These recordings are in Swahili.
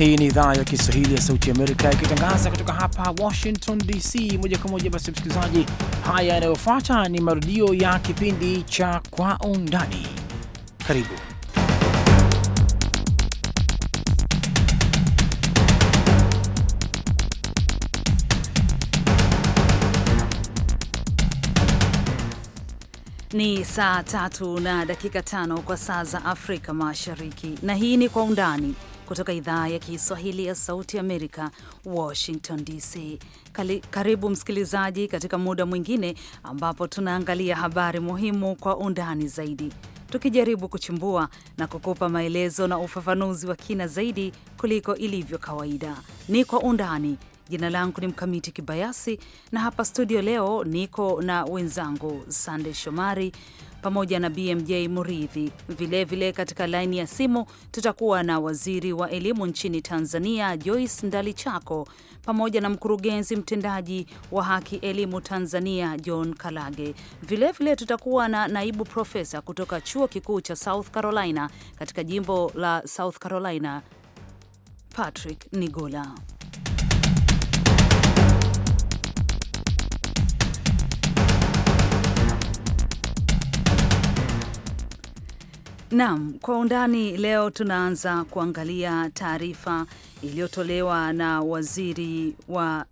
Hii ni idhaa ya Kiswahili ya Sauti Amerika ikitangaza kutoka hapa Washington DC moja kwa moja. Basi msikilizaji, haya yanayofuata ni marudio ya kipindi cha Kwa Undani. Karibu. Ni saa tatu na dakika tano kwa saa za Afrika Mashariki, na hii ni Kwa Undani kutoka idhaa ya Kiswahili ya Sauti Amerika, Washington DC. Karibu msikilizaji, katika muda mwingine ambapo tunaangalia habari muhimu kwa undani zaidi, tukijaribu kuchimbua na kukupa maelezo na ufafanuzi wa kina zaidi kuliko ilivyo kawaida. Ni kwa undani. Jina langu ni Mkamiti Kibayasi na hapa studio leo niko na wenzangu Sande Shomari pamoja na BMJ Muridhi. Vilevile katika laini ya simu tutakuwa na waziri wa elimu nchini Tanzania Joyce Ndalichako pamoja na mkurugenzi mtendaji wa Haki Elimu Tanzania John Kalage. Vilevile tutakuwa na naibu profesa kutoka chuo kikuu cha South Carolina katika jimbo la South Carolina Patrick Nigola. Naam, kwa undani leo tunaanza kuangalia taarifa iliyotolewa na waziri wa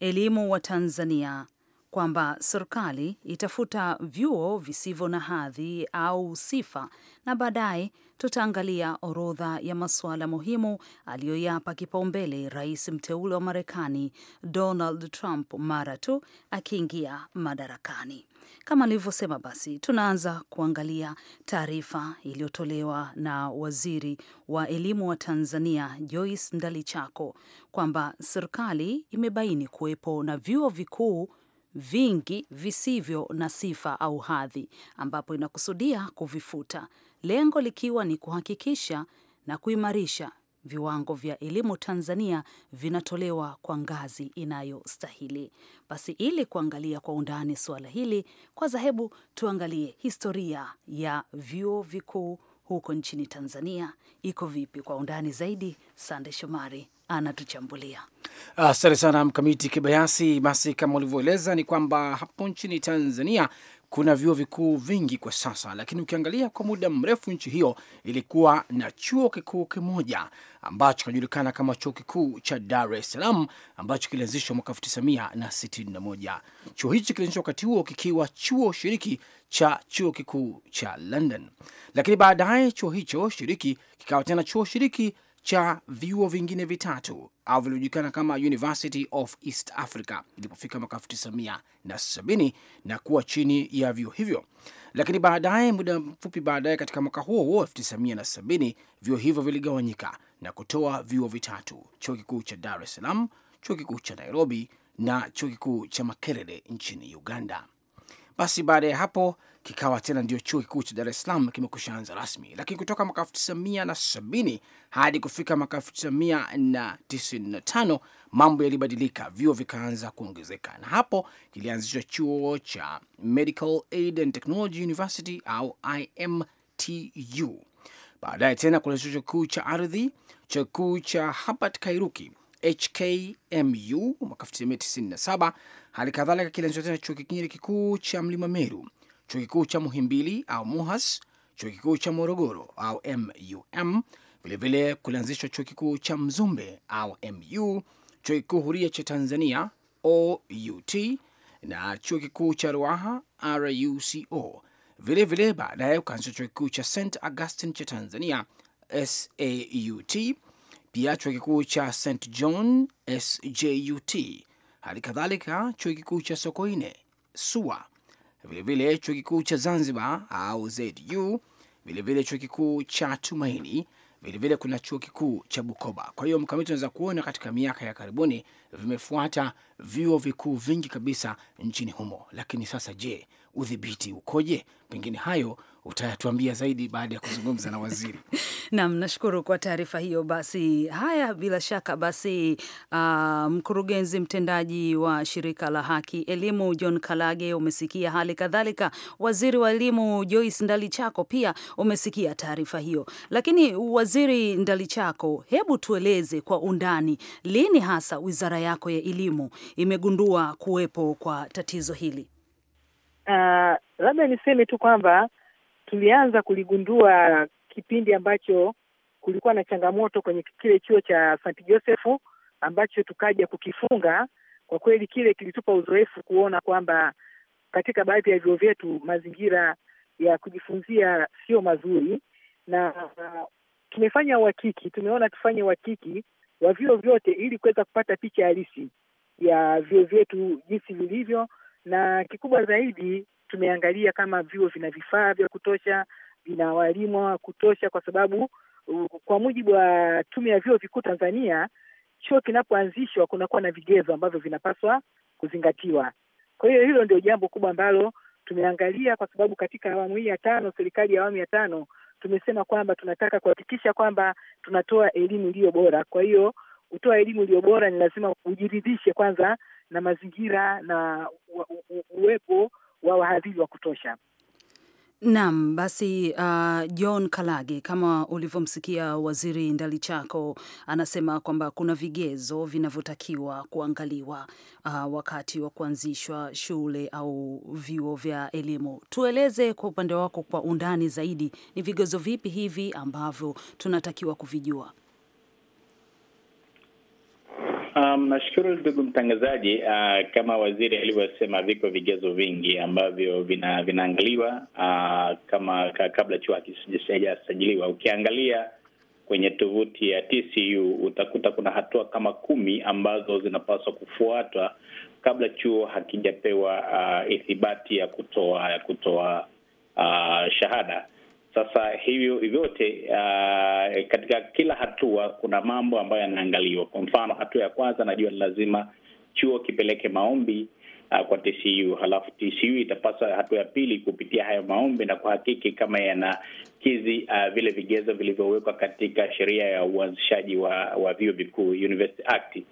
elimu wa Tanzania kwamba serikali itafuta vyuo visivyo na hadhi au sifa, na baadaye tutaangalia orodha ya masuala muhimu aliyoyapa kipaumbele rais mteule wa Marekani Donald Trump mara tu akiingia madarakani. Kama nilivyosema, basi tunaanza kuangalia taarifa iliyotolewa na waziri wa elimu wa Tanzania Joyce Ndalichako kwamba serikali imebaini kuwepo na vyuo vikuu vingi visivyo na sifa au hadhi, ambapo inakusudia kuvifuta, lengo likiwa ni kuhakikisha na kuimarisha viwango vya elimu Tanzania vinatolewa kwa ngazi inayostahili. Basi ili kuangalia kwa undani suala hili, kwanza hebu tuangalie historia ya vyuo vikuu huko nchini Tanzania iko vipi kwa undani zaidi. Sande Shomari anatuchambulia. Asante sana Mkamiti Kibayasi. Basi kama ulivyoeleza, ni kwamba hapo nchini Tanzania kuna vyuo vikuu vingi kwa sasa, lakini ukiangalia kwa muda mrefu nchi hiyo ilikuwa na chuo kikuu kimoja ambacho kinajulikana kama chuo kikuu cha Dar es Salaam ambacho kilianzishwa mwaka 1961. Chuo hichi kilianzishwa wakati huo kikiwa chuo shiriki cha chuo kikuu cha London, lakini baadaye chuo hicho shiriki kikawa tena chuo shiriki cha vyuo vingine vitatu au vilivyojulikana kama University of East Africa ilipofika mwaka 1970 na kuwa chini ya vyuo hivyo, lakini baadaye, muda mfupi baadaye, katika mwaka huo huo 1970 vyuo hivyo viligawanyika na kutoa vyuo vitatu: chuo kikuu cha Dar es Salaam, chuo kikuu cha Nairobi na chuo kikuu cha Makerere nchini Uganda. Basi baada ya hapo kikawa tena ndio chuo kikuu cha Dar es Salaam anza rasmi, lakini kutoka mwaka sabini hadi kufika mwaka tano mambo yalibadilika, vyuo vikaanza kuongezeka, na hapo kilianzishwa chuo cha Medical Aid and Technology University au IMTU. Baadaye tena kuna chuo kikuu cha ardhi, chuo kikuu cha Habat Kairuki HKMU mwaka 1997. Hali kadhalika kilianzishwa tena chuo kingine kikuu cha Mlima Meru, chuo kikuu cha Muhimbili au MUHAS, chuo kikuu cha Morogoro au MUM, vilevile kulianzishwa chuo kikuu cha Mzumbe au MU, chuo kikuu huria cha Tanzania OUT na chuo kikuu cha Ruaha RUCO. Vilevile baadaye ukaanzishwa chuo kikuu cha St Augustine cha Tanzania SAUT pia chuo kikuu cha St John SJUT, hali kadhalika chuo kikuu cha Sokoine SUA, vilevile chuo kikuu cha Zanzibar au ZU, vilevile chuo kikuu cha Tumaini, vilevile kuna chuo kikuu cha Bukoba. Kwa hiyo mkamiti, unaweza kuona katika miaka ya karibuni vimefuata vyuo vikuu vingi kabisa nchini humo. Lakini sasa, je, udhibiti ukoje? Pengine hayo utayatuambia zaidi baada ya kuzungumza na waziri. Naam, nashukuru kwa taarifa hiyo. Basi haya, bila shaka basi, uh, mkurugenzi mtendaji wa shirika la haki elimu John Kalage umesikia, hali kadhalika waziri wa elimu Joyce Ndalichako pia umesikia taarifa hiyo. Lakini waziri Ndalichako, hebu tueleze kwa undani, lini hasa wizara yako ya elimu imegundua kuwepo kwa tatizo hili? Uh, labda niseme tu kwamba tulianza kuligundua kipindi ambacho kulikuwa na changamoto kwenye kile chuo cha St. Joseph ambacho tukaja kukifunga. Kwa kweli kile kilitupa uzoefu kuona kwamba katika baadhi ya vyuo vyetu mazingira ya kujifunzia sio mazuri, na uh, tumefanya uhakiki, tumeona tufanye uhakiki wa vyuo vyote ili kuweza kupata picha halisi ya vyuo vyetu jinsi vilivyo, na kikubwa zaidi tumeangalia kama vyuo vina vifaa vya kutosha, vina walimu wa kutosha, kwa sababu uh, kwa mujibu wa Tume ya Vyuo Vikuu Tanzania, chuo kinapoanzishwa kunakuwa na vigezo ambavyo vinapaswa kuzingatiwa. Kwa hiyo hilo ndio jambo kubwa ambalo tumeangalia, kwa sababu katika awamu hii ya tano, serikali ya awamu ya tano, tumesema kwamba tunataka kuhakikisha kwamba tunatoa elimu iliyo bora. Kwa hiyo kutoa elimu iliyo bora ni lazima ujiridhishe kwanza na mazingira na uwepo wa wahadhiri wa kutosha. Naam, basi uh, John Kalage, kama ulivyomsikia Waziri Ndalichako anasema kwamba kuna vigezo vinavyotakiwa kuangaliwa uh, wakati wa kuanzishwa shule au vyuo vya elimu. Tueleze kwa upande wako kwa undani zaidi, ni vigezo vipi hivi ambavyo tunatakiwa kuvijua? Um, nashukuru ndugu mtangazaji. Uh, kama waziri alivyosema, viko vigezo vingi ambavyo vina, vinaangaliwa uh, kama kabla chuo hakijasajiliwa. Ukiangalia kwenye tovuti ya TCU utakuta kuna hatua kama kumi ambazo zinapaswa kufuatwa kabla chuo hakijapewa uh, ithibati ya kutoa ya kutoa uh, shahada sasa hivyo vyote uh, katika kila hatua kuna mambo ambayo yanaangaliwa. Kwa mfano, hatua ya kwanza najua ni lazima chuo kipeleke maombi uh, kwa TCU, halafu TCU itapaswa hatua ya pili kupitia hayo maombi na kuhakiki kama yanakidhi uh, vile vigezo vilivyowekwa katika sheria ya uanzishaji wa, wa vyuo vikuu University Act.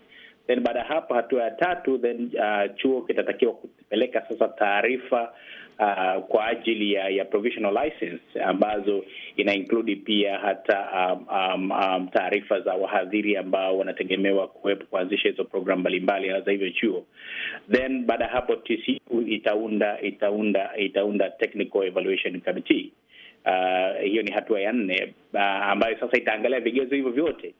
Then baada ya hapo, hatua ya tatu, then uh, chuo kitatakiwa kupeleka sasa taarifa uh, kwa ajili ya, ya provisional license ambazo ina include pia hata um, um, um, taarifa za wahadhiri ambao wanategemewa kuwepo kuanzisha hizo programu mbalimbali za hivyo chuo. Then baada ya hapo TCU itaunda itaunda itaunda technical evaluation committee. Uh, hiyo ni hatua ya nne uh, ambayo sasa itaangalia vigezo hivyo vyote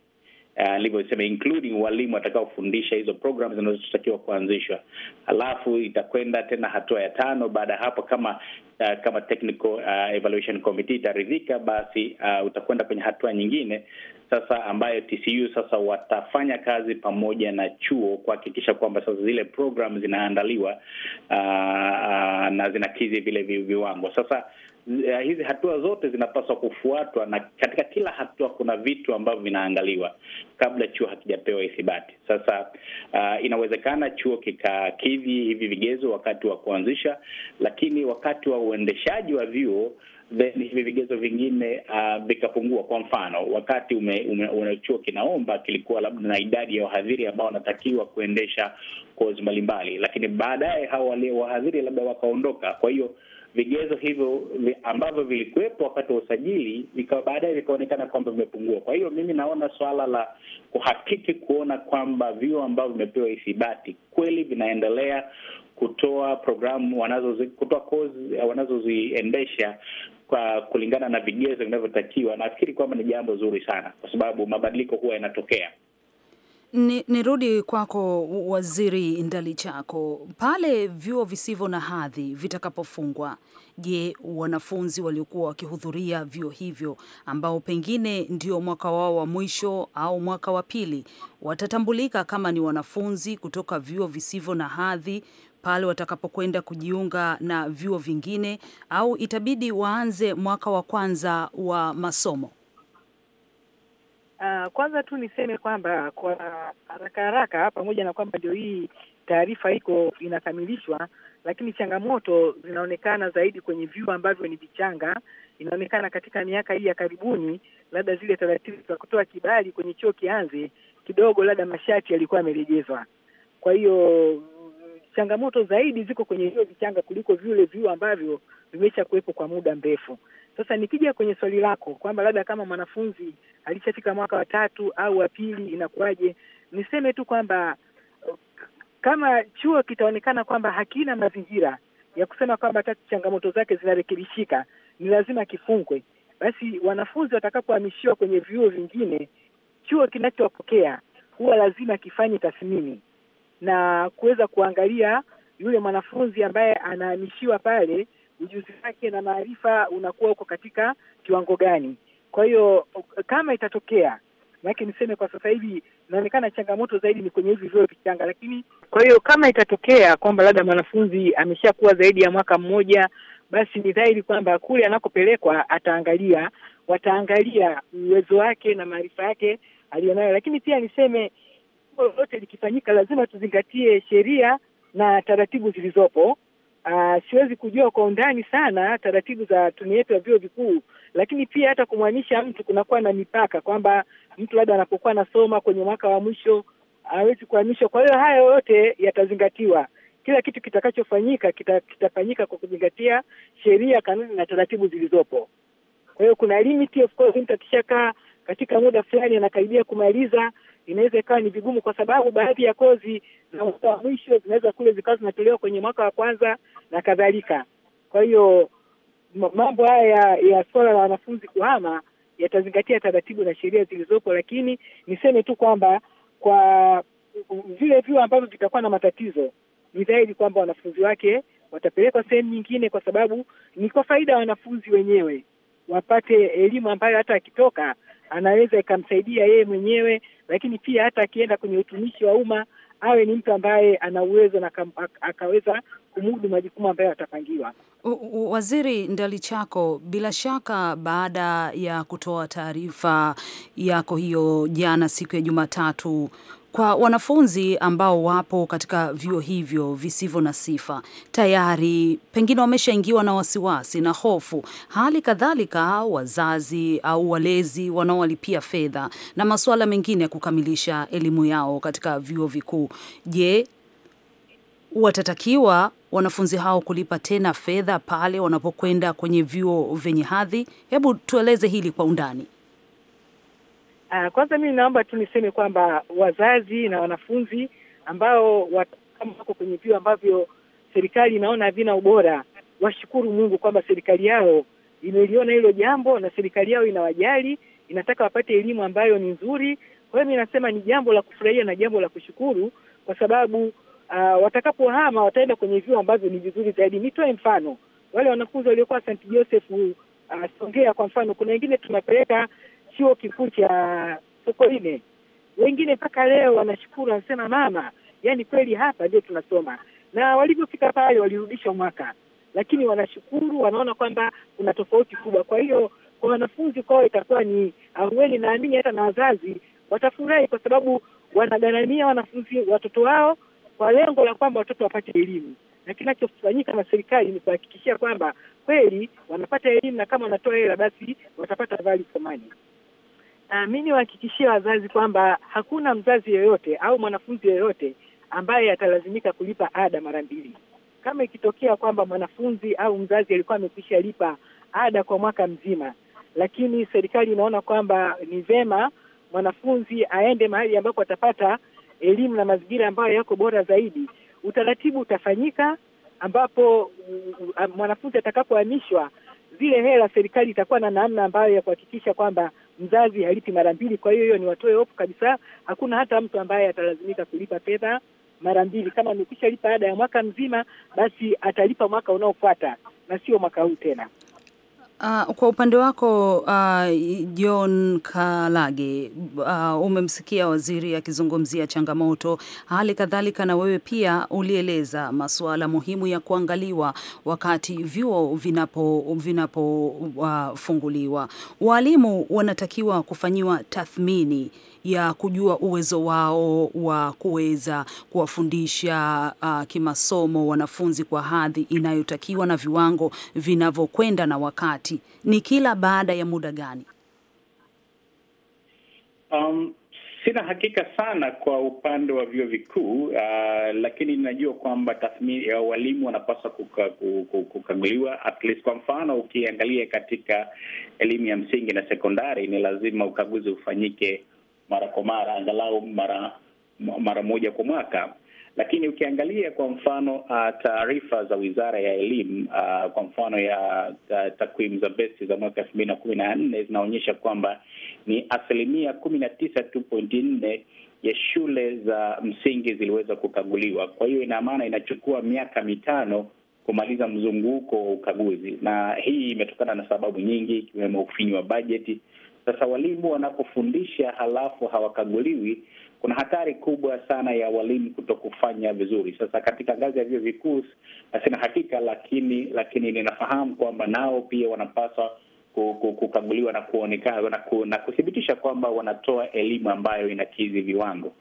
Eh, nilivyosema, uh, including walimu watakaofundisha hizo programs zinazotakiwa kuanzishwa. Alafu itakwenda tena hatua ya tano. Baada ya hapo, kama uh, kama technical uh, evaluation committee itaridhika, basi uh, utakwenda kwenye hatua nyingine sasa ambayo TCU sasa watafanya kazi pamoja na chuo kuhakikisha kwamba sasa zile program zinaandaliwa uh, na zinakizi vile viwango. Sasa uh, hizi hatua zote zinapaswa kufuatwa, na katika kila hatua kuna vitu ambavyo vinaangaliwa kabla chuo hakijapewa ithibati. Sasa uh, inawezekana chuo kikakidhi hivi vigezo wakati wa kuanzisha, lakini wakati wa uendeshaji wa vyuo then hivi vigezo vingine ah, vikapungua. Uh, kwa mfano wakati ume, ume, ume chuo kinaomba kilikuwa labda na idadi ya wahadhiri ambao wanatakiwa kuendesha kozi mbalimbali, lakini baadaye hao walio wahadhiri labda wakaondoka, kwa hiyo vigezo hivyo ambavyo vilikuwepo wakati wa usajili vikawa baadaye vikaonekana kwamba vimepungua. Kwa hiyo mimi naona swala la kuhakiki kuona kwamba vyuo ambavyo vimepewa ithibati kweli vinaendelea kutoa programu wanazozi, kutoa kozi wanazoziendesha kwa kulingana na vigezo vinavyotakiwa, nafikiri kwamba ni jambo zuri sana, kwa sababu mabadiliko huwa yanatokea. Nirudi ni kwako Waziri Ndalichako, pale vyuo visivyo na hadhi vitakapofungwa, je, wanafunzi waliokuwa wakihudhuria vyuo hivyo ambao pengine ndio mwaka wao wa mwisho au mwaka wa pili watatambulika kama ni wanafunzi kutoka vyuo visivyo na hadhi pale watakapokwenda kujiunga na vyuo vingine au itabidi waanze mwaka wa kwanza wa masomo? Uh, kwanza tu niseme kwamba kwa haraka haraka, pamoja na kwamba ndio hii taarifa iko inakamilishwa, lakini changamoto zinaonekana zaidi kwenye vyuo ambavyo ni vichanga. Inaonekana katika miaka hii ya karibuni, labda zile taratibu za kutoa kibali kwenye chuo kianze kidogo, labda masharti yalikuwa yamerejezwa. Kwa hiyo changamoto zaidi ziko kwenye vyuo vichanga kuliko vile vyuo ambavyo vimesha kuwepo kwa muda mrefu. Sasa nikija kwenye swali lako kwamba labda kama mwanafunzi alishafika mwaka wa tatu au wa pili inakuwaje, niseme tu kwamba uh, kama chuo kitaonekana kwamba hakina mazingira ya kusema kwamba hata changamoto zake zinarekebishika, ni lazima kifungwe. Basi wanafunzi watakapohamishiwa kwenye vyuo vingine, chuo kinachopokea huwa lazima kifanye tathmini na kuweza kuangalia yule mwanafunzi ambaye anahamishiwa pale, ujuzi wake na maarifa unakuwa uko katika kiwango gani. Kwa hiyo kama itatokea, manake niseme kwa sasa hivi inaonekana changamoto zaidi ni kwenye hivi vyuo vichanga, lakini kwa hiyo kama itatokea kwamba labda mwanafunzi ameshakuwa zaidi ya mwaka mmoja, basi ni dhahiri kwamba kule anakopelekwa ataangalia, wataangalia uwezo wake na maarifa yake aliyonayo, lakini pia niseme lolote likifanyika lazima tuzingatie sheria na taratibu zilizopo. Uh, siwezi kujua kwa undani sana taratibu za tume yetu ya vyuo vikuu, lakini pia hata kumwanisha mtu kunakuwa na mipaka kwamba mtu labda anapokuwa anasoma kwenye mwaka wa mwisho hawezi kuhamishwa. Kwa hiyo haya yote yatazingatiwa, kila kitu kitakachofanyika kita, kitafanyika kwa kuzingatia sheria, kanuni na taratibu zilizopo. Kwa hiyo kuna limit of course, mtu akishakaa katika muda fulani anakaribia kumaliza inaweza ikawa ni vigumu, kwa sababu baadhi ya kozi za mwaka wa mwisho zinaweza kule zikawa zinatolewa kwenye mwaka wa kwanza na kadhalika. Kwa hiyo mambo haya ya suala la wanafunzi kuhama yatazingatia taratibu na sheria zilizopo, lakini niseme tu kwamba kwa vile vyuo ambavyo vitakuwa na matatizo, ni dhahiri kwamba wanafunzi wake watapelekwa sehemu nyingine, kwa sababu ni kwa faida ya wanafunzi wenyewe wapate elimu ambayo hata akitoka anaweza ikamsaidia yeye mwenyewe, lakini pia hata akienda kwenye utumishi wa umma awe ni mtu ambaye ana uwezo na akaweza kumudu majukumu ambayo atapangiwa. Waziri Ndalichako, bila shaka, baada ya kutoa taarifa yako hiyo jana siku ya Jumatatu kwa wanafunzi ambao wapo katika vyuo hivyo visivyo na sifa tayari, pengine wameshaingiwa na wasiwasi na hofu, hali kadhalika wazazi au walezi wanaowalipia fedha na masuala mengine ya kukamilisha elimu yao katika vyuo vikuu. Je, watatakiwa wanafunzi hao kulipa tena fedha pale wanapokwenda kwenye vyuo vyenye hadhi? Hebu tueleze hili kwa undani. Uh, kwanza mimi naomba tu niseme kwamba wazazi na wanafunzi ambao kama wako kwenye vyuo ambavyo serikali inaona havina ubora, washukuru Mungu kwamba serikali yao imeliona hilo jambo na serikali yao inawajali, inataka wapate elimu ambayo ni nzuri. Kwa hiyo mimi nasema ni jambo la kufurahia na jambo la kushukuru, kwa sababu uh, watakapohama wataenda kwenye vyuo ambavyo ni vizuri zaidi. Nitoe mfano wale wanafunzi waliokuwa St Joseph uh, Songea kwa mfano, kuna wengine tunapeleka chuo kikuu cha Sokoine, wengine mpaka leo wanashukuru, wanasema mama, yani kweli hapa ndio tunasoma. Na walivyofika pale walirudishwa mwaka, lakini wanashukuru, wanaona kwamba kuna tofauti kubwa. Kwa hiyo kwa wanafunzi kwao itakuwa ni ahueni, naamini hata na wazazi watafurahi, kwa sababu wanagharamia wanafunzi watoto wao kwa lengo la kwamba watoto wapate elimu, na kinachofanyika na serikali ni kuhakikishia kwamba kweli wanapata elimu, na kama wanatoa hela basi watapata value for money. Na mi niwahakikishie wazazi kwamba hakuna mzazi yoyote au mwanafunzi yoyote ambaye atalazimika kulipa ada mara mbili. Kama ikitokea kwamba mwanafunzi au mzazi alikuwa amekwisha lipa ada kwa mwaka mzima, lakini serikali inaona kwamba ni vema mwanafunzi aende mahali ambapo atapata elimu na mazingira ambayo yako bora zaidi, utaratibu utafanyika ambapo mwanafunzi atakapohamishwa, zile hela serikali itakuwa na namna ambayo ya kuhakikisha kwamba mzazi halipi mara mbili. Kwa hiyo hiyo ni watoe hofu kabisa, hakuna hata mtu ambaye atalazimika kulipa fedha mara mbili. Kama lipa ada ya mwaka mzima, basi atalipa mwaka unaofuata na sio mwaka huu tena. Uh, kwa upande wako uh, John Kalage uh, umemsikia waziri akizungumzia changamoto, hali kadhalika na wewe pia ulieleza masuala muhimu ya kuangaliwa wakati vyuo vinapofunguliwa. Vinapo, uh, walimu wanatakiwa kufanyiwa tathmini ya kujua uwezo wao wa kuweza kuwafundisha uh, kimasomo wanafunzi kwa hadhi inayotakiwa na viwango vinavyokwenda na wakati, ni kila baada ya muda gani? Um, sina hakika sana kwa upande wa vyuo vikuu uh, lakini ninajua kwamba tathmini ya walimu wanapaswa kukaguliwa at least. Kwa mfano, ukiangalia katika elimu ya msingi na sekondari, ni lazima ukaguzi ufanyike mara kwa mara, angalau mara mara moja kwa mwaka. Lakini ukiangalia kwa mfano uh, taarifa za Wizara ya Elimu uh, kwa mfano ya uh, takwimu za besti za mwaka elfu mbili na kumi na nne zinaonyesha kwamba ni asilimia kumi na tisa tu pointi nne ya shule za msingi ziliweza kukaguliwa. Kwa hiyo ina maana inachukua miaka mitano kumaliza mzunguko wa ukaguzi, na hii imetokana na sababu nyingi, ikiwemo ufinyu wa bajeti sasa walimu wanapofundisha halafu hawakaguliwi, kuna hatari kubwa sana ya walimu kutokufanya vizuri. Sasa katika ngazi ya vyuo vikuu sina hakika, lakini lakini ninafahamu kwamba nao pia wanapaswa kukaguliwa na kuonekana na, na kuthibitisha kwamba wanatoa elimu ambayo inakidhi viwango.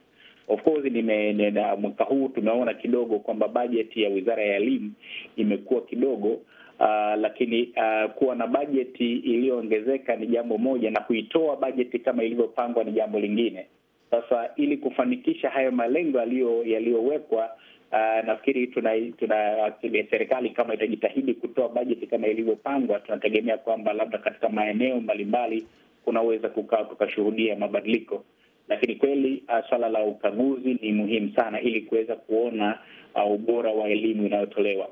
Of course nime- mwaka huu tumeona kidogo kwamba bajeti ya Wizara ya Elimu imekuwa kidogo Uh, lakini uh, kuwa na bajeti iliyoongezeka ni jambo moja, na kuitoa bajeti kama ilivyopangwa ni jambo lingine. Sasa ili kufanikisha hayo malengo yaliyowekwa, uh, nafikiri tuna, tuna serikali kama itajitahidi kutoa bajeti kama ilivyopangwa, tunategemea kwamba labda katika maeneo mbalimbali kunaweza kukaa tukashuhudia mabadiliko lakini kweli uh, swala la ukaguzi ni muhimu sana ili kuweza kuona uh, ubora wa elimu inayotolewa.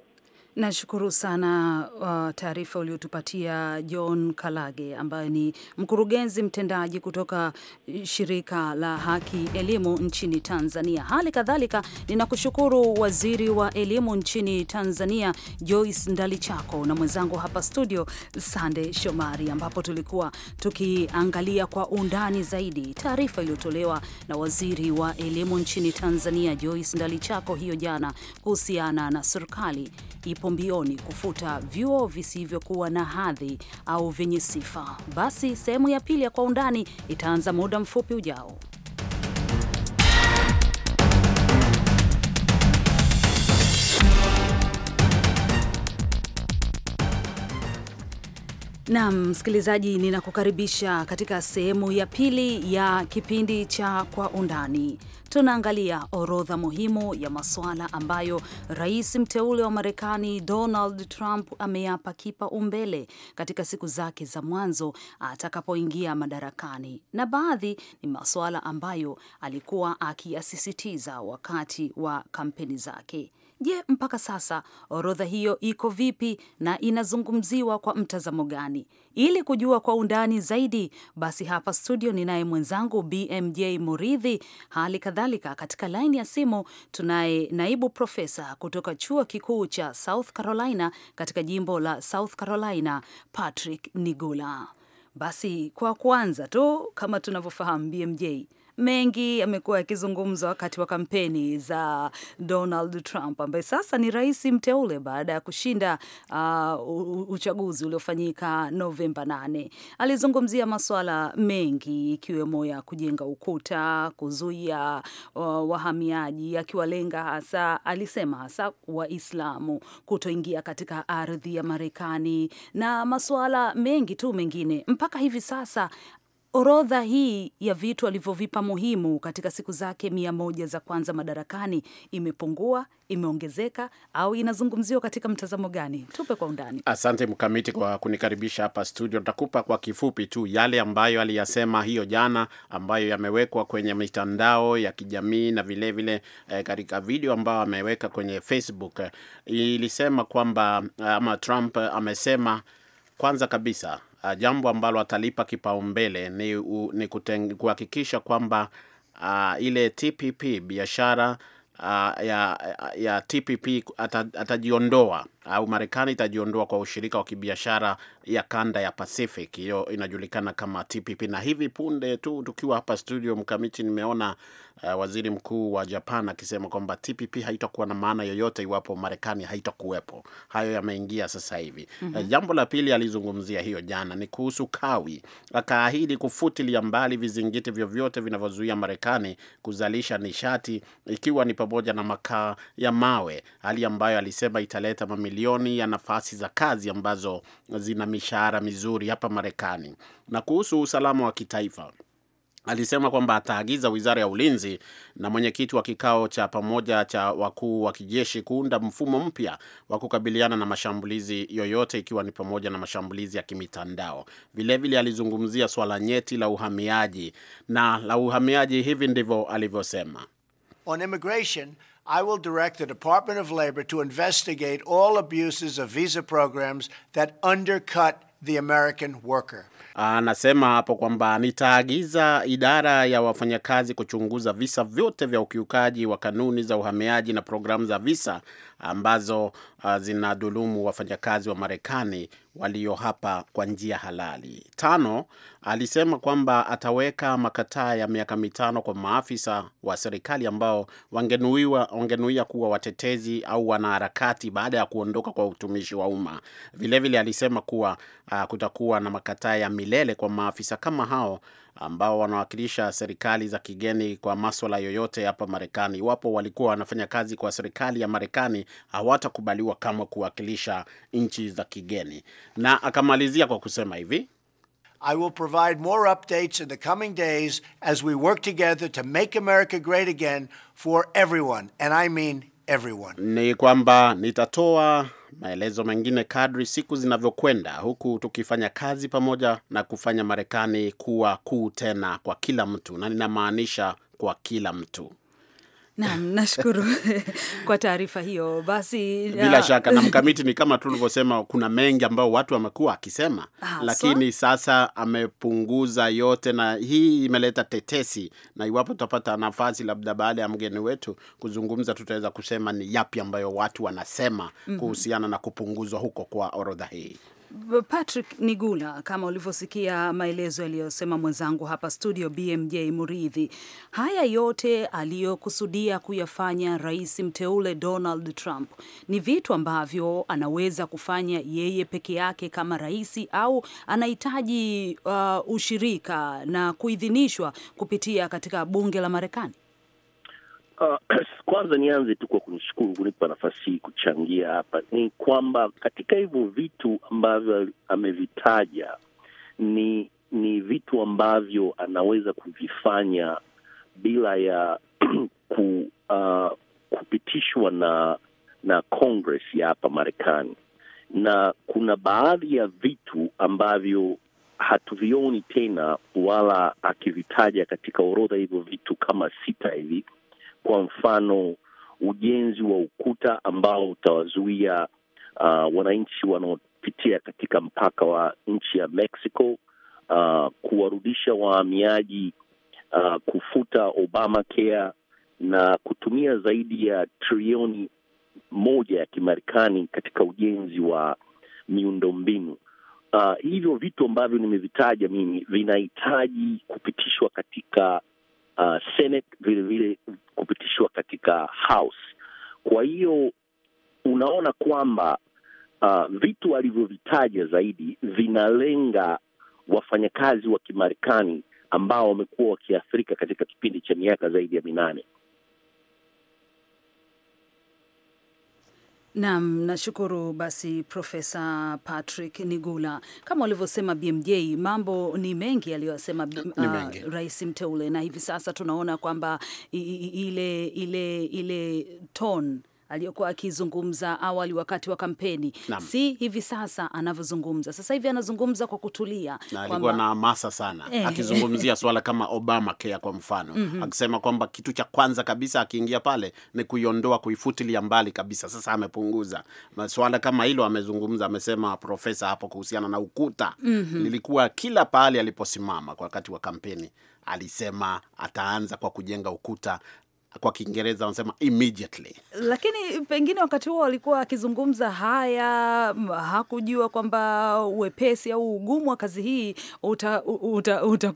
Nashukuru sana uh, taarifa uliotupatia John Kalage ambaye ni mkurugenzi mtendaji kutoka uh, shirika la haki elimu nchini Tanzania. Hali kadhalika ninakushukuru waziri wa elimu nchini Tanzania Joyce Ndalichako na mwenzangu hapa studio Sande Shomari, ambapo tulikuwa tukiangalia kwa undani zaidi taarifa iliyotolewa na waziri wa elimu nchini Tanzania Joyce Ndalichako hiyo jana kuhusiana na serikali ipo yako mbioni kufuta vyuo visivyokuwa na hadhi au vyenye sifa. Basi sehemu ya pili ya Kwa Undani itaanza muda mfupi ujao. Naam, msikilizaji, ninakukaribisha katika sehemu ya pili ya kipindi cha Kwa Undani. Tunaangalia orodha muhimu ya masuala ambayo rais mteule wa Marekani Donald Trump ameyapa kipaumbele katika siku zake za mwanzo atakapoingia madarakani, na baadhi ni masuala ambayo alikuwa akiyasisitiza wakati wa kampeni zake. Je, mpaka sasa orodha hiyo iko vipi na inazungumziwa kwa mtazamo gani? Ili kujua kwa undani zaidi, basi hapa studio ninaye mwenzangu BMJ Muridhi. Hali kadhalika katika laini ya simu tunaye naibu profesa kutoka chuo kikuu cha South Carolina katika jimbo la South Carolina, Patrick Nigula. Basi kwa kwanza tu, kama tunavyofahamu BMJ, mengi yamekuwa yakizungumzwa wakati wa kampeni za Donald Trump ambaye sasa ni rais mteule baada ya kushinda uh, uchaguzi uliofanyika Novemba 8. Alizungumzia masuala mengi ikiwemo ya kujenga ukuta, kuzuia uh, wahamiaji, akiwalenga hasa, alisema hasa Waislamu kutoingia katika ardhi ya Marekani na masuala mengi tu mengine mpaka hivi sasa Orodha hii ya vitu alivyovipa muhimu katika siku zake mia moja za kwanza madarakani imepungua, imeongezeka au inazungumziwa katika mtazamo gani? Tupe kwa undani. Asante Mkamiti kwa kunikaribisha hapa studio. Nitakupa kwa kifupi tu yale ambayo aliyasema hiyo jana, ambayo yamewekwa kwenye mitandao ya kijamii na vilevile vile, eh, katika video ambayo ameweka kwenye Facebook. Ilisema kwamba ama Trump amesema kwanza kabisa uh, jambo ambalo atalipa kipaumbele ni, ni kuhakikisha kwamba uh, ile TPP biashara uh, ya, ya TPP atajiondoa au Marekani itajiondoa kwa ushirika wa kibiashara ya kanda ya Pacific, hiyo inajulikana kama TPP. Na hivi punde tu tukiwa hapa studio mkamiti, nimeona uh, waziri mkuu wa Japan akisema kwamba TPP haitakuwa na maana yoyote iwapo Marekani haitakuwepo. Hayo yameingia sasa hivi. mm -hmm. jambo la pili alizungumzia hiyo jana ni kuhusu kawi, akaahidi kufutilia mbali vizingiti vyovyote vinavyozuia Marekani kuzalisha nishati, ikiwa ni pamoja na makaa ya mawe, hali ambayo alisema italeta mamili mamilioni ya nafasi za kazi ambazo zina mishahara mizuri hapa Marekani. Na kuhusu usalama wa kitaifa alisema kwamba ataagiza wizara ya ulinzi na mwenyekiti wa kikao cha pamoja cha wakuu wa kijeshi kuunda mfumo mpya wa kukabiliana na mashambulizi yoyote ikiwa ni pamoja na mashambulizi ya kimitandao. Vilevile alizungumzia swala nyeti la uhamiaji na la uhamiaji, hivi ndivyo alivyosema: On immigration I will direct the Department of Labor to investigate all abuses of visa programs that undercut the American worker. Ah, anasema hapo kwamba nitaagiza idara ya wafanyakazi kuchunguza visa vyote vya ukiukaji wa kanuni za uhamiaji na programu za visa ambazo uh, zinadhulumu wafanyakazi wa Marekani walio hapa kwa njia halali. Tano, alisema kwamba ataweka makataa ya miaka mitano kwa maafisa wa serikali ambao wangenuia kuwa watetezi au wanaharakati baada ya kuondoka kwa utumishi wa umma. Vilevile alisema kuwa uh, kutakuwa na makataa ya milele kwa maafisa kama hao ambao wanawakilisha serikali za kigeni kwa maswala yoyote hapa Marekani, iwapo walikuwa wanafanya kazi kwa serikali ya Marekani, hawatakubaliwa kama kuwakilisha nchi za kigeni. Na akamalizia kwa kusema hivi: I will provide more updates in the coming days as we work together to make America great again for everyone. And I mean everyone. Ni kwamba nitatoa maelezo mengine kadri siku zinavyokwenda, huku tukifanya kazi pamoja na kufanya Marekani kuwa kuu tena kwa kila mtu, na ninamaanisha kwa kila mtu. Naam, nashukuru kwa taarifa hiyo. Basi bila shaka na mkamiti, ni kama tulivyosema, kuna mengi ambayo watu wamekuwa akisema, ah, lakini sasa amepunguza yote, na hii imeleta tetesi, na iwapo tutapata nafasi, labda baada ya mgeni wetu kuzungumza, tutaweza kusema ni yapi ambayo watu wanasema mhm. kuhusiana na kupunguzwa huko kwa orodha hii. Patrick Nigula, kama ulivyosikia maelezo yaliyosema mwenzangu hapa studio BMJ Muridhi, haya yote aliyokusudia kuyafanya rais mteule Donald Trump ni vitu ambavyo anaweza kufanya yeye peke yake kama rais, au anahitaji uh, ushirika na kuidhinishwa kupitia katika bunge la Marekani? Uh, kwanza nianze tu kwa kunishukuru kunipa nafasi hii kuchangia hapa. Ni kwamba katika hivyo vitu ambavyo amevitaja ni ni vitu ambavyo anaweza kuvifanya bila ya ku, uh, kupitishwa na na Congress ya hapa Marekani, na kuna baadhi ya vitu ambavyo hatuvioni tena, wala akivitaja katika orodha hivyo vitu kama sita hivi kwa mfano ujenzi wa ukuta ambao utawazuia uh, wananchi wanaopitia katika mpaka wa nchi ya Mexico, uh, kuwarudisha wahamiaji, uh, kufuta Obamacare na kutumia zaidi ya trilioni moja ya Kimarekani katika ujenzi wa miundombinu. Uh, hivyo vitu ambavyo nimevitaja mimi vinahitaji kupitishwa katika uh, Senate vilevile kupitishwa katika House. Kwa hiyo unaona kwamba uh, vitu alivyovitaja zaidi vinalenga wafanyakazi wa Kimarekani ambao wamekuwa wakiathirika katika kipindi cha miaka zaidi ya minane. Naam, nashukuru basi Profesa Patrick Nigula. Kama ulivyosema BMJ, mambo ni mengi aliyoasema uh, rais mteule, na hivi sasa tunaona kwamba ile ile ile ton aliyokuwa akizungumza awali wakati wa kampeni Nam. si hivi sasa anavyozungumza sasa hivi, anazungumza kwa kutulia na alikuwa na hamasa sana eh, akizungumzia swala kama Obama care kwa mfano mm -hmm. akisema kwamba kitu cha kwanza kabisa akiingia pale ni kuiondoa, kuifutilia mbali kabisa. Sasa amepunguza swala kama hilo, amezungumza amesema profesa hapo kuhusiana na ukuta mm -hmm. lilikuwa kila pahali aliposimama kwa wakati wa kampeni alisema ataanza kwa kujenga ukuta kwa Kiingereza wanasema immediately. Lakini pengine wakati huo walikuwa akizungumza haya, hakujua kwamba uwepesi au ugumu wa kazi hii utakuwa uta, uta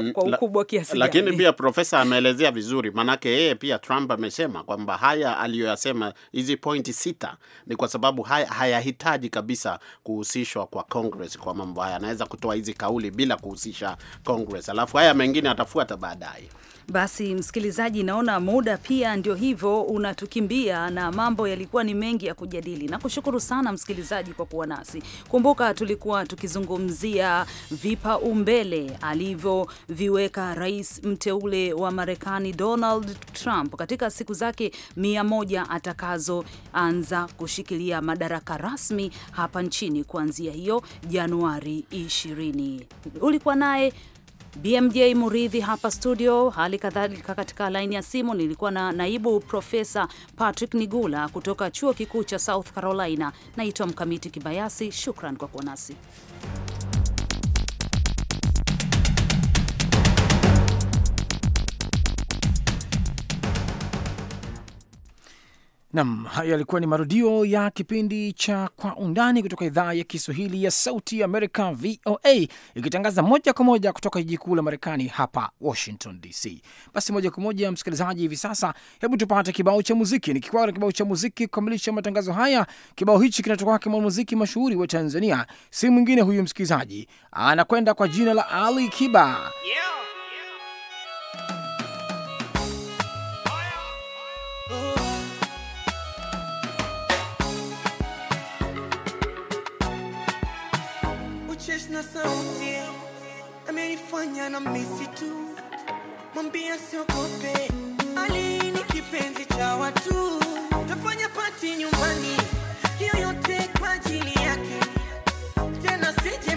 mm, kwa ukubwa kiasi gani. Lakini pia profesa ameelezea vizuri, maanake yeye pia Trump amesema kwamba haya aliyoyasema, hizi pointi sita, ni kwa sababu haya hayahitaji kabisa kuhusishwa kwa Congress kwa mambo haya, anaweza kutoa hizi kauli bila kuhusisha Congress, alafu haya mengine atafuata baadaye. Basi msikilizaji, naona muda pia ndio hivyo unatukimbia, na mambo yalikuwa ni mengi ya kujadili. Nakushukuru sana msikilizaji kwa kuwa nasi. Kumbuka tulikuwa tukizungumzia vipaumbele alivyoviweka rais mteule wa Marekani Donald Trump katika siku zake mia moja atakazoanza kushikilia madaraka rasmi hapa nchini kuanzia hiyo Januari 20. Ulikuwa naye BMJ Muridhi hapa studio, hali kadhalika katika laini ya simu nilikuwa na naibu profesa Patrick Nigula kutoka chuo kikuu cha South Carolina. Naitwa Mkamiti Kibayasi, shukran kwa kuwa nasi. Nam, hayo yalikuwa ni marudio ya kipindi cha Kwa Undani kutoka idhaa ya Kiswahili ya Sauti ya Amerika, VOA, ikitangaza moja kwa moja kutoka jiji kuu la Marekani, hapa Washington DC. Basi moja kwa moja, msikilizaji, hivi sasa, hebu tupate kibao cha muziki. Ni kikwaa na kibao cha muziki kukamilisha matangazo haya. Kibao hichi kinatoka kwake mwanamuziki mashuhuri wa Tanzania, si mwingine huyu msikilizaji, anakwenda kwa jina la Ali Kiba, yeah. kufanya na misi tu mwambia siokope Ali ni kipenzi cha watu, tafanya pati nyumbani, hiyo yote kwa ajili yake, tena sije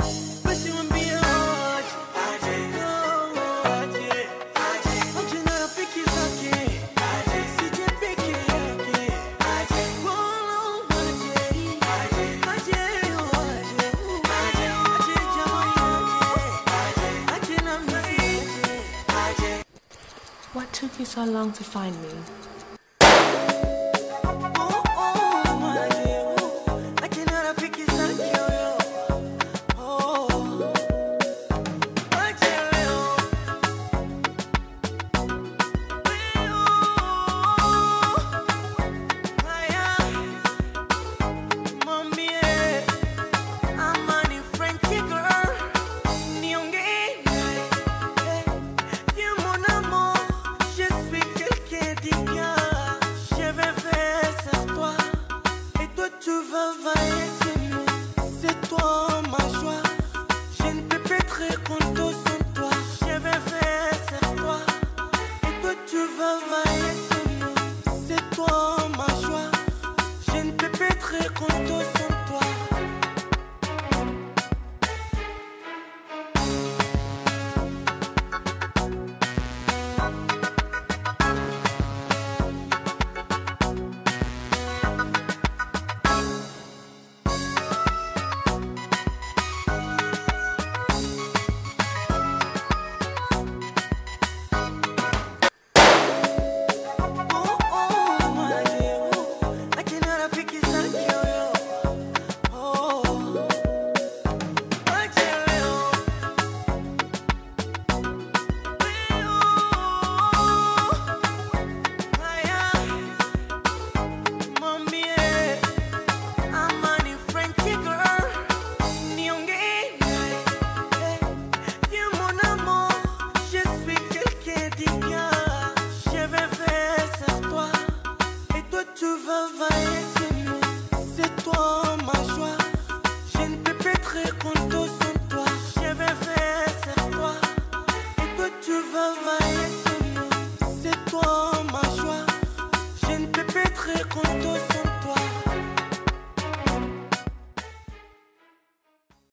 so long to find me.